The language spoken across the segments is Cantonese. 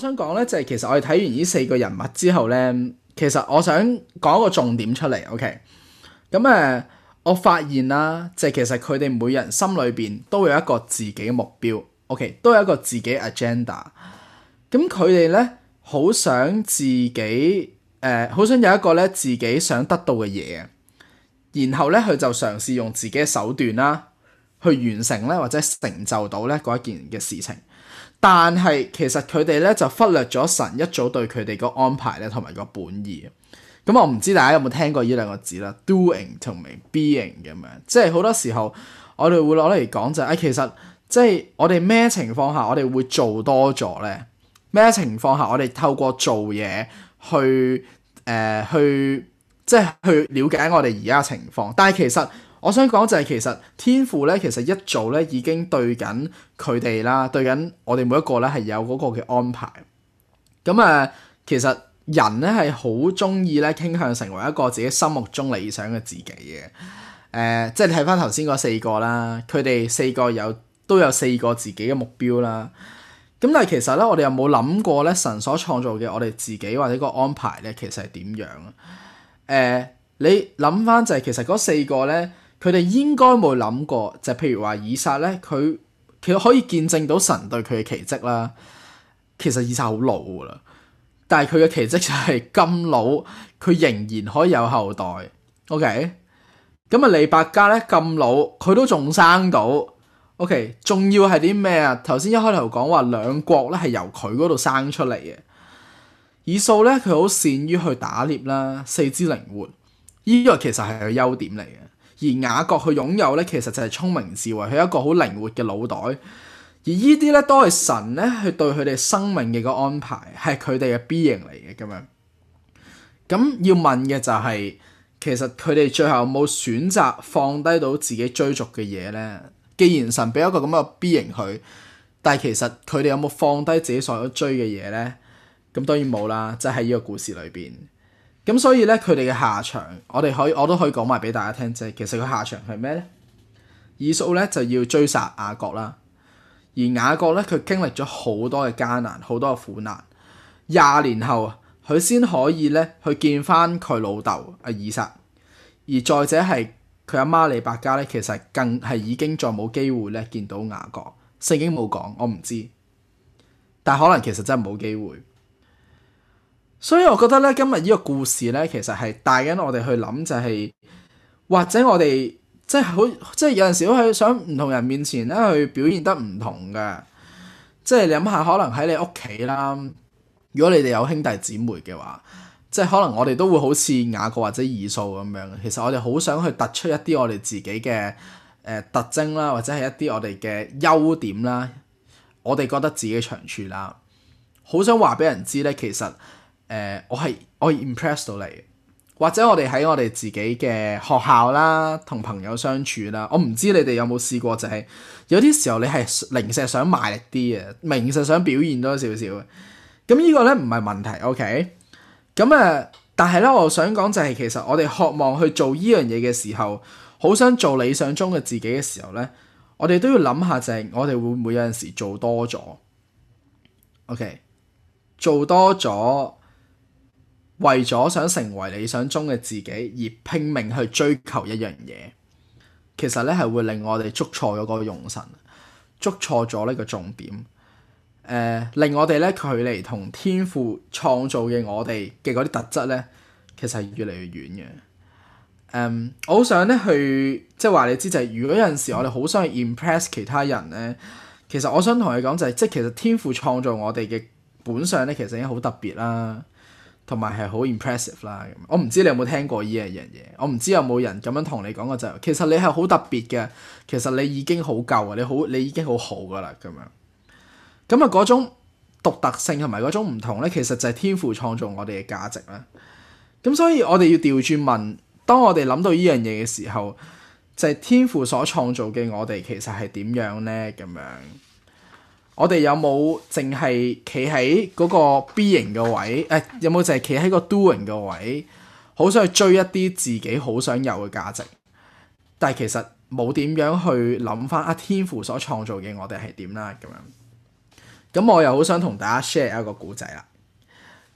我想講咧，就係其實我哋睇完呢四個人物之後咧，其實我想講個重點出嚟。OK，咁誒，我發現啦，就係其實佢哋每人心裏邊都有一個自己嘅目標。OK，都有一個自己嘅 agenda。咁佢哋咧，好想自己誒，好、呃、想有一個咧自己想得到嘅嘢，然後咧佢就嘗試用自己嘅手段啦，去完成咧或者成就到咧嗰一件嘅事情。但係其實佢哋咧就忽略咗神一早對佢哋個安排咧同埋個本意。咁我唔知大家有冇聽過呢兩個字啦，doing 同埋 doing being 咁樣。即係好多時候我哋會攞嚟講就係，哎，其實即係我哋咩情況下我哋會做多咗咧？咩情況下我哋透過做嘢去誒、呃、去即係去了解我哋而家嘅情況？但係其實。我想講就係其實天父咧，其實一早咧已經對緊佢哋啦，對緊我哋每一個咧係有嗰個嘅安排。咁啊、呃，其實人咧係好中意咧傾向成為一個自己心目中理想嘅自己嘅。誒、呃，即係你睇翻頭先嗰四個啦，佢哋四個有都有四個自己嘅目標啦。咁但係其實咧，我哋有冇諗過咧？神所創造嘅我哋自己或者個安排咧，其實係點樣啊？誒、呃，你諗翻就係其實嗰四個咧。佢哋應該冇諗過，就是、譬如話以撒咧，佢其實可以見證到神對佢嘅奇蹟啦。其實以撒好老噶啦，但係佢嘅奇蹟就係、是、咁老，佢仍然可以有後代。OK，咁啊，利百加咧咁老，佢都仲生到。OK，仲要係啲咩啊？頭先一開頭講話兩國咧係由佢嗰度生出嚟嘅。以掃咧，佢好善於去打獵啦，四肢靈活，呢、這個其實係佢嘅優點嚟嘅。而雅各佢擁有咧，其實就係聰明智慧，佢一個好靈活嘅腦袋。而呢啲咧都係神咧去對佢哋生命嘅個安排，係佢哋嘅 B 型嚟嘅咁樣。咁要問嘅就係、是，其實佢哋最後有冇選擇放低到自己追逐嘅嘢咧？既然神俾一個咁嘅 B 型佢，但係其實佢哋有冇放低自己所有追嘅嘢咧？咁當然冇啦，即係喺呢個故事裏邊。咁所以咧，佢哋嘅下場，我哋可以，我都可以講埋俾大家聽啫。其實佢下場係咩咧？以掃咧就要追殺雅各啦。而雅各咧，佢經歷咗好多嘅艱難，好多嘅苦難。廿年後啊，佢先可以咧去見翻佢老豆啊以撒。而再者係佢阿媽利百加咧，其實更係已經再冇機會咧見到雅各。聖經冇講，我唔知，但可能其實真係冇機會。所以我覺得咧，今日呢個故事咧，其實係帶緊我哋去諗、就是，就係或者我哋即係好，即係有陣時都係想唔同人面前咧去表現得唔同嘅。即係諗下，可能喺你屋企啦，如果你哋有兄弟姊妹嘅話，即係可能我哋都會好似雅各或者以掃咁樣。其實我哋好想去突出一啲我哋自己嘅誒、呃、特徵啦，或者係一啲我哋嘅優點啦，我哋覺得自己嘅長處啦，好想話俾人知咧，其實。誒、呃，我係我 impressed 到你，或者我哋喺我哋自己嘅學校啦，同朋友相處啦，我唔知你哋有冇試過就係、是、有啲時候你係零舍想賣力啲嘅，明實想表現多少少嘅，咁呢個咧唔係問題，OK，咁、嗯、誒，但係但係咧我想講就係、是、其實我哋渴望去做呢樣嘢嘅時候，好想做理想中嘅自己嘅時候咧，我哋都要諗下就係、是、我哋會唔會有陣時做多咗，OK，做多咗。為咗想成為理想中嘅自己而拼命去追求一樣嘢，其實咧係會令我哋捉錯咗個用神，捉錯咗呢個重點，誒、呃，令我哋咧距離同天父創造嘅我哋嘅嗰啲特質咧，其實越嚟越遠嘅。嗯，我好想咧去即係話你知就係，如果有陣時我哋好想去 impress 其他人咧，其實我想同你講就係、是，即係其實天父創造我哋嘅本相咧，其實已經好特別啦。同埋係好 impressive 啦，我唔知你有冇聽過呢樣嘢，我唔知有冇人咁樣同你講過，就其實你係好特別嘅，其實你已經好夠啊，你好你已經好好噶啦咁樣，咁啊嗰種獨特性同埋嗰種唔同咧，其實就係天父創造我哋嘅價值啦。咁所以我哋要調轉問，當我哋諗到呢樣嘢嘅時候，就係、是、天父所創造嘅我哋其實係點樣咧？咁樣。我哋有冇淨係企喺嗰個 B 型嘅位？誒、呃，有冇就係企喺個 doing 嘅位？好想去追一啲自己好想有嘅價值，但係其實冇點樣去諗翻阿天父所創造嘅我哋係點啦咁樣。咁我又好想同大家 share 一個故仔啦。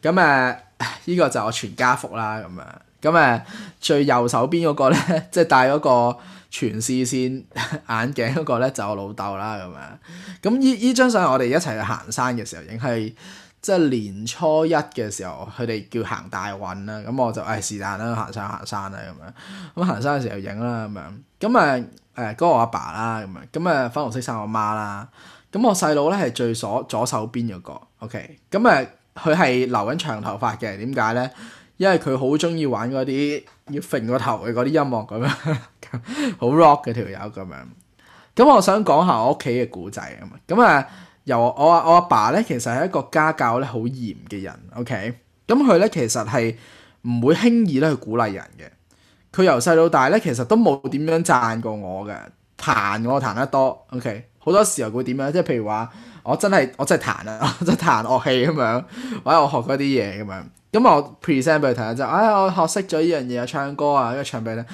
咁誒，依、呃這個就我全家福啦咁啊。咁誒最右手邊嗰個咧，即係戴嗰個全視線眼鏡嗰個咧，就我老豆啦咁樣。咁依依張相我哋一齊去行山嘅時候影，係即係年初一嘅時候，佢哋叫行大運啦。咁我就誒是但啦，行山行山啦咁樣。咁行山嘅時候影啦咁樣。咁誒誒嗰個阿爸啦咁樣。咁誒粉紅色衫我媽啦。咁我細佬咧係最左左手邊嗰個。OK。咁誒佢係留緊長頭髮嘅。點解咧？因為佢好中意玩嗰啲要揈個頭嘅嗰啲音樂咁樣，好 rock 嘅條友咁樣。咁我想講下我屋企嘅古仔啊嘛。咁啊，由我我阿爸咧，其實係一個家教咧好嚴嘅人。OK，咁佢咧其實係唔會輕易咧去鼓勵人嘅。佢由細到大咧，其實都冇點樣讚過我嘅，彈我彈得多。OK，好多時候會點樣？即係譬如話，我真係我真係彈啊， 真係彈樂器咁樣，或者我學嗰啲嘢咁樣。咁我 present 俾佢睇下，就，唉、哎，我學識咗依樣嘢啊，唱歌啊，跟住唱俾你，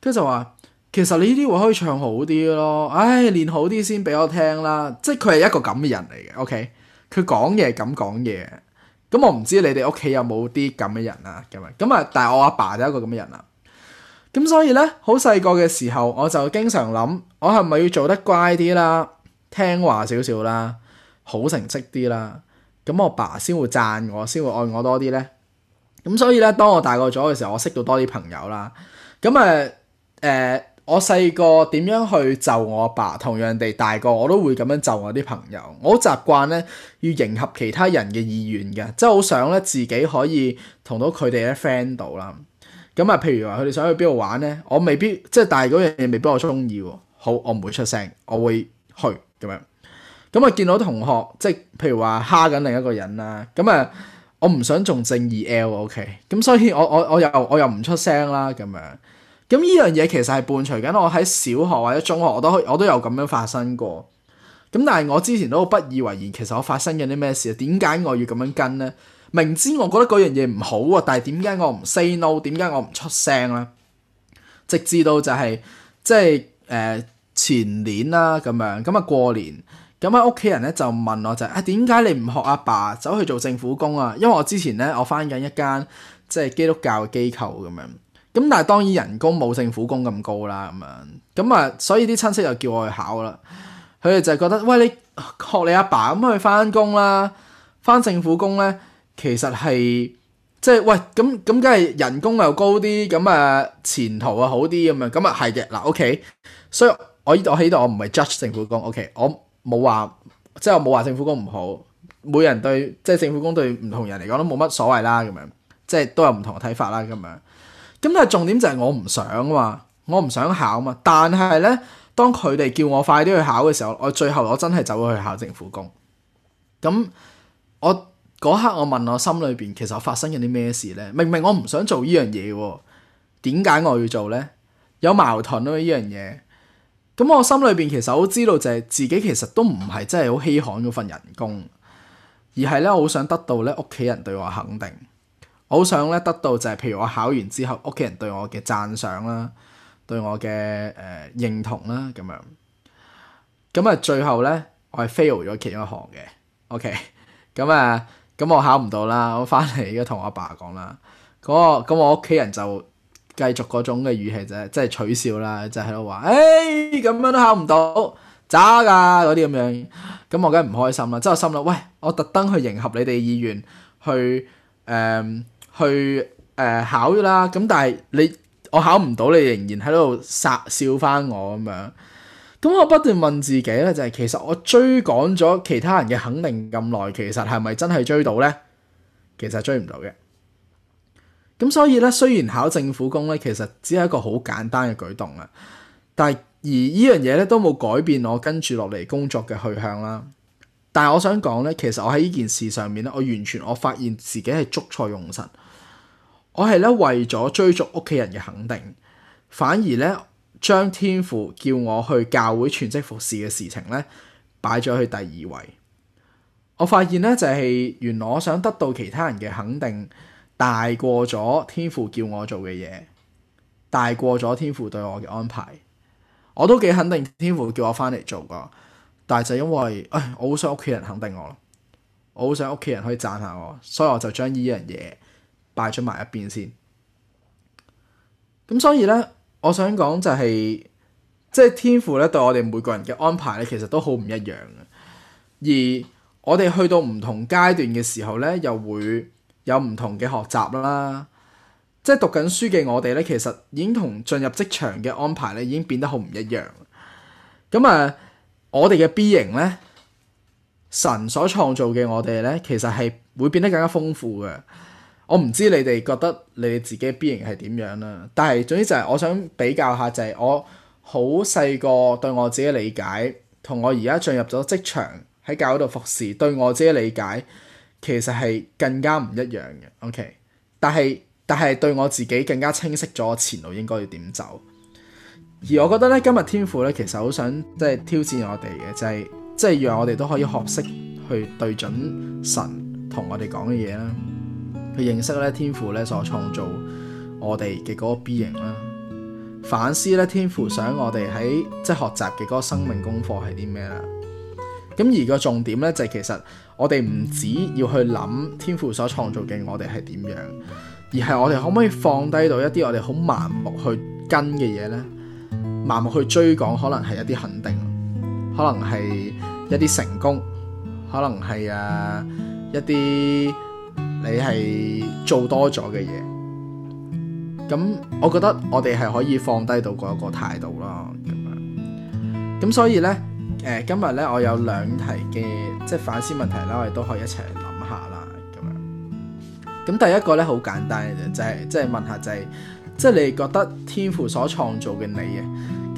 跟住就話，其實你依啲話可以唱好啲咯，唉、哎，練好啲先俾我聽啦。即係佢係一個咁嘅人嚟嘅，OK，佢講嘢係咁講嘢。咁我唔知你哋屋企有冇啲咁嘅人啊？咁啊，但係我阿爸就一個咁嘅人啦。咁所以咧，好細個嘅時候，我就經常諗，我係咪要做得乖啲啦，聽話少少啦，好成績啲啦，咁我爸先會讚我，先會愛我多啲咧。咁所以咧，當我大個咗嘅時候，我識到多啲朋友啦。咁誒誒，我細個點樣去就我阿爸，同樣地大個我都會咁樣就我啲朋友。我好習慣咧，要迎合其他人嘅意願嘅，即係好想咧自己可以同到佢哋咧 friend 到啦。咁啊，譬如話佢哋想去邊度玩咧，我未必即係但係嗰樣嘢未必我中意喎。好，我唔會出聲，我會去咁樣。咁啊，見到同學即係譬如話蝦緊另一個人啦，咁啊。呃我唔想仲正二 L o k 咁所以我我我又我又唔出聲啦，咁樣，咁呢樣嘢其實係伴隨緊我喺小學或者中學我，我都我都有咁樣發生過，咁但係我之前都不以為然，其實我發生緊啲咩事啊？點解我要咁樣跟咧？明知我覺得嗰樣嘢唔好啊，但係點解我唔 say no？點解我唔出聲咧？直至到就係即係誒前年啦，咁樣咁啊過年。咁喺屋企人咧就問我就係，啊，點解你唔學阿爸，爸走去做政府工啊？因為我之前咧我翻緊一間即係基督教嘅機構咁樣咁，但係當然人工冇政府工咁高啦。咁樣咁啊，所以啲親戚又叫我去考啦。佢哋就覺得喂，你學你阿爸咁去翻工啦，翻政府工咧，其實係即係喂咁咁，梗係人工又高啲，咁啊前途又好啲咁樣咁啊，係嘅嗱。啊，OK，所以我依度喺度，我唔係 judge 政府工。OK，我。冇話，即係我冇話政府工唔好。每人對即係政府工對唔同人嚟講都冇乜所謂啦，咁樣即係都有唔同嘅睇法啦，咁樣。咁但係重點就係我唔想啊嘛，我唔想考啊嘛。但係咧，當佢哋叫我快啲去考嘅時候，我最後我真係走咗去考政府工。咁我嗰刻我問我心裏邊其實我發生緊啲咩事咧？明明我唔想做呢樣嘢，點解我要做咧？有矛盾啊呢依樣嘢。咁我心裏邊其實好知道就係自己其實都唔係真係好稀罕嗰份人工，而係咧我好想得到咧屋企人對我肯定，我好想咧得到就係譬如我考完之後屋企人對我嘅讚賞啦，對我嘅誒、呃、認同啦咁樣。咁啊最後咧我係 fail 咗其中一項嘅，OK，咁啊咁我考唔到啦，我翻嚟而家同我阿爸爸講啦，嗰個咁我屋企人就。繼續嗰種嘅語氣就係，即係取笑啦，就係喺度話，誒咁、哎、樣都考唔到渣㗎嗰啲咁樣，咁 我梗係唔開心啦，即係心諗，喂，我特登去迎合你哋意願，去誒、呃，去誒、呃、考啦，咁但係你我考唔到你，你仍然喺度殺笑返我咁樣，咁我不斷問自己咧，就係、是、其實我追趕咗其他人嘅肯定咁耐，其實係咪真係追到咧？其實追唔到嘅。咁所以咧，雖然考政府工咧，其實只係一個好簡單嘅舉動啦，但係而依樣嘢咧都冇改變我跟住落嚟工作嘅去向啦。但係我想講咧，其實我喺呢件事上面咧，我完全我發現自己係捉錯用神，我係咧為咗追逐屋企人嘅肯定，反而咧將天父叫我去教會全職服侍嘅事情咧擺咗去第二位。我發現咧就係原來我想得到其他人嘅肯定。大過咗天父叫我做嘅嘢，大過咗天父對我嘅安排，我都幾肯定天父叫我翻嚟做噶。但係就因為，唉，我好想屋企人肯定我，我好想屋企人可以讚下我，所以我就將呢樣嘢擺咗埋一邊先。咁所以咧，我想講就係，即係天父咧對我哋每個人嘅安排咧，其實都好唔一樣嘅。而我哋去到唔同階段嘅時候咧，又會。有唔同嘅學習啦，即係讀緊書嘅我哋咧，其實已經同進入職場嘅安排咧，已經變得好唔一樣。咁啊，我哋嘅 B 型咧，神所創造嘅我哋咧，其實係會變得更加豐富嘅。我唔知你哋覺得你自己 B 型係點樣啦，但係總之就係我想比較下，就係我好細個對我自己嘅理解，同我而家進入咗職場喺教育度服侍對我自己理解，其實係更加唔一樣嘅，OK，但係但係對我自己更加清晰咗，我前路應該要點走。而我覺得咧，今日天，天父咧，其實好想即係挑戰我哋嘅，就係、是、即係讓我哋都可以學識去對準神同我哋講嘅嘢啦，去認識咧天父咧所創造我哋嘅嗰個 B 型啦，反思咧天父想我哋喺即係學習嘅嗰個生命功課係啲咩啦。咁而個重點咧，就係其實我哋唔止要去諗天父所創造嘅我哋係點樣，而係我哋可唔可以放低到一啲我哋好盲目去跟嘅嘢呢？盲目去追趕，可能係一啲肯定，可能係一啲成功，可能係啊一啲你係做多咗嘅嘢。咁我覺得我哋係可以放低到嗰一個態度咯。咁所以呢。誒，今日咧，我有兩題嘅即係反思問題啦，我哋都可以一齊諗下啦，咁樣。咁第一個咧，好簡單嘅就係即係問下，就係即係你哋覺得天父所創造嘅你嘅，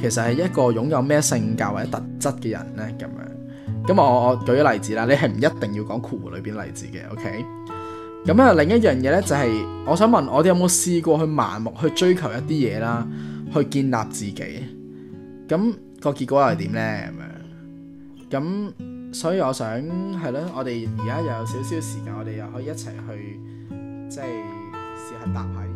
其實係一個擁有咩性格或者特質嘅人咧？咁樣。咁我我舉個例子啦，你係唔一定要講括弧裏邊例子嘅，OK？咁啊，另一樣嘢咧就係我想問，我哋有冇試過去盲目去追求一啲嘢啦，去建立自己？咁個結果又係點咧？咁樣。咁所以我想係咯，我哋而家又有少少時間，我哋又可以一齊去，即係試下搭下。